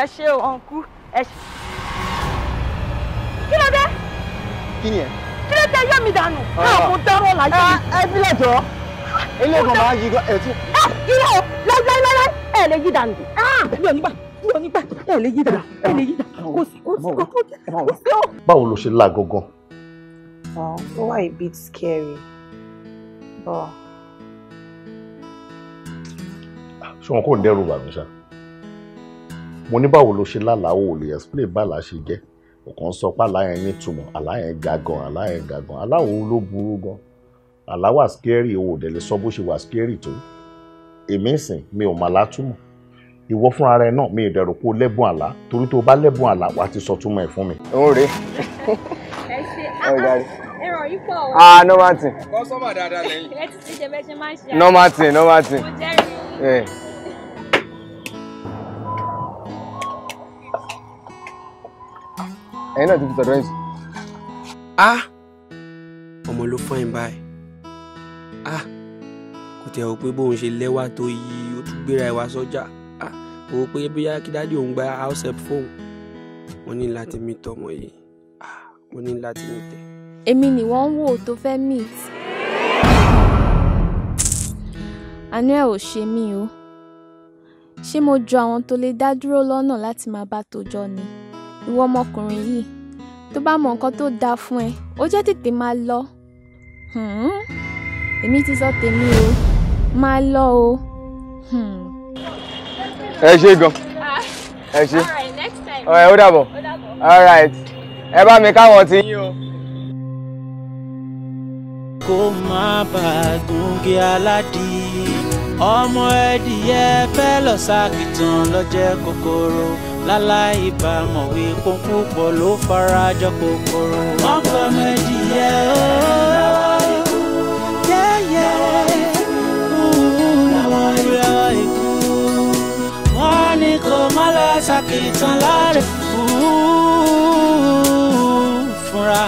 ẹ ṣe ọ̀nkú ẹ ṣe. kí ló dé. kí ni ẹ. kí ló dé yọ mi dànù. náà mo dárò láyé. ẹ bílẹ̀ jọ ilé ìgbọ̀n máa yí ẹ tún. ẹ ilé o láíláíláí ẹ lè yí dànù. Ah! mi ò ní gbà mi ò ní gbà ẹ lè yí dànù ẹ lè yí dànù kò sí kò o. báwo ló ṣe là gangan. ó wà a bit scary but. ṣé wọn kò ń dẹ́rù bàmí ṣáà mo ní báwo ló ṣe lálàá ò lè explain bàlá ṣe jẹ́ ọ̀kan sọ pé aláyẹn ní túmọ̀ aláyẹn ga gan aláyẹn ga gan aláwo ló burú gan aláwà scary owó dẹ̀ lè sọ bó ṣe wà scary tó èmi sìn mi ò mà látúmọ̀ ìwọ fún ara ẹ náà mi ò dẹ̀rù pé o lẹ́bùn àlá torí tó o bá lẹ́bùn àlá wàá ti sọ túmọ̀ ẹ̀ fún mi. òun rèé ẹ ṣe ah, ah, ẹrọ yìí pọ̀ o. ah normal thing. kọ́sọ́mà dáadáa lẹ́yìn. ẹ ti ti jẹ́ bẹ́ẹ̀ ṣe máa ń ṣe. normal thing normal thing. mo jẹ́rìí. Eh. ẹ̀yin náà ti fi sọ̀dọ̀ yín sí. a ọmọ ló fọ́n ẹ̀ báyìí a kò tẹ̀ ọ́ pé bóun ṣe lẹ́wà tó yí ó tún gbéra ẹ̀ wá sọ́jà a kò wọ́n pé bóyá kí dáàdi òun gba house help fóun wọ́n ní láti mi tọ́ yìí a wọ́n ní láti mi tẹ̀. èmi ni wọ́n ń wò tó fẹ́ meet. àánú ò ṣe mí o ṣé mo jọ àwọn tó lè dá dúró lọ́nà láti máa bá tòjọ́ ni ìwọ ọmọkùnrin yìí tó bá mọ nǹkan tó dáa fún ẹ ó jẹ́ tètè máa lọ hmm? èmi ti sọ tèmi o máa lọ o. Hmm? ẹ ṣe gan ẹ ṣe ọ̀rẹ́ ó dàbọ̀ ẹ bá mi káwọn ti yín o. kó má bàa gúnge aládìí ọmọ ẹdìyẹ fẹ́ lọ sákìtàn lọ́jẹ́ kòkòrò láláì bá mọ̀ wí kún púpọ̀ ló farajọ kòkòrò. wọ́n kọ́ méjì yẹ ó. sakitan láre fúnra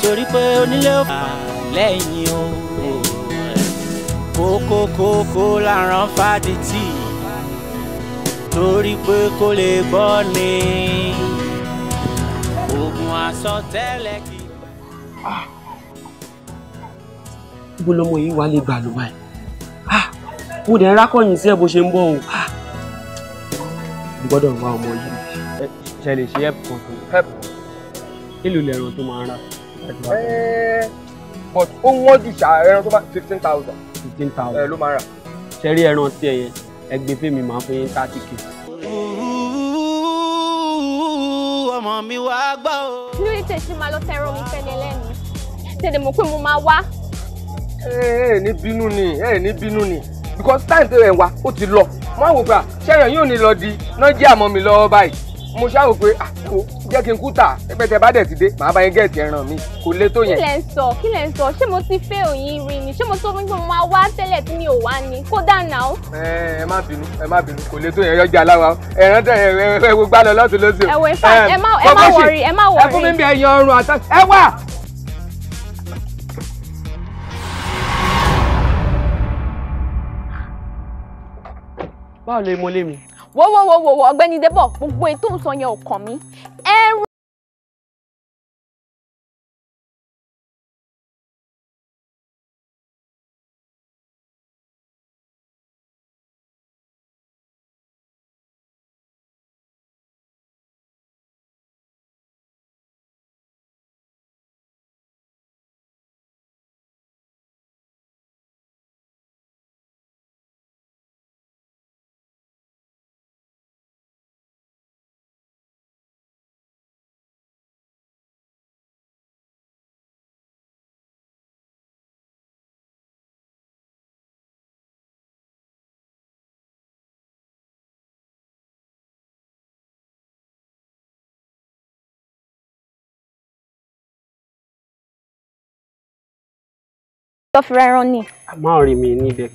torí pé onílé ò fà lẹ́yìn o kókókókó làrán fàdí tíì torí pé kò lè bọ́ ni oògùn àsọtẹ́lẹ̀ kì í. Ah. ibo lọmọ yìí wà lè gbà ló báyìí ah. mo dẹ̀ rákọ̀yìn sí ẹ̀ bó ṣe ń bọ̀ o ah. mo gbọ́dọ̀ wá ọmọ yìí. ṣe lè ṣe help kan fún help ìlú lẹ́rọ tó máa ń rà. Eh, but ó wọ́n jù ṣàárẹ̀ ẹran tó bá fifteen thousand. fifteen thousand ẹ eh, ló máa rà. ṣe rí ẹran tí ẹ yẹn ẹgbẹ́ fèmí máa fún yín thirty k. ọmọ mi wá gbọ́ o. kí ló dé tẹ̀ sí máa lọ tẹ́rọ mi fẹ́lẹ́ lẹ́nu tẹ̀lé mọ̀ pé mo máa wá. ẹ ẹ ní bínú ni ẹ ẹ ní bínú ni because time tẹ̀ ẹ̀ wá ó ti lọ wọ́n á wò pé ṣẹ́yàn yóò ní lọ di náà jẹ́ àmọ́ mi lọ́wọ́ báyìí mo ṣáwò pé ah, jẹ́ kí n kú tà pẹ́tẹ́ bá dẹ̀ ti dé màá bá yín gẹ̀ẹ́tì ẹran mi kò lè tó yẹn. kí lẹ̀ ń sọ kí lẹ̀ ń sọ ṣé mo ti fẹ́ òyìn rí ni ṣé mo sọ fún mi máa wá tẹ́lẹ̀ tí mi ò wá ni kó dànà o. ẹ ẹ má bínú ẹ má bínú kò lè tó yẹn yọjà aláwa ẹran tẹ ẹ ẹ wo gbá lọ lọ́sùn lọ́sùn. ẹ wọ ifá ẹ má ẹ má wọrí ẹ má wọrí. ẹ fún mi bí ẹyin ọrùn àtà ẹ wà. báwo lè mọ lé mi wọ́wọ́wọ́wọ́ ọ̀gbẹ́ni Débọ̀ gbogbo ètò ìsọ yẹn ò kàn mí ẹ tó fi rẹ́rán ni. àmọ́ ọ̀rẹ́ mi níbẹ̀.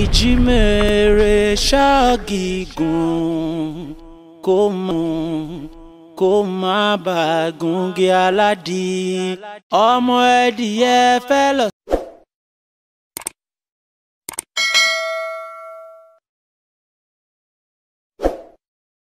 ìjímèrè ṣáàgì gùn kó mú kó má bàa gúngi aládìí ọmọ ẹdìyẹ fẹ́ lọ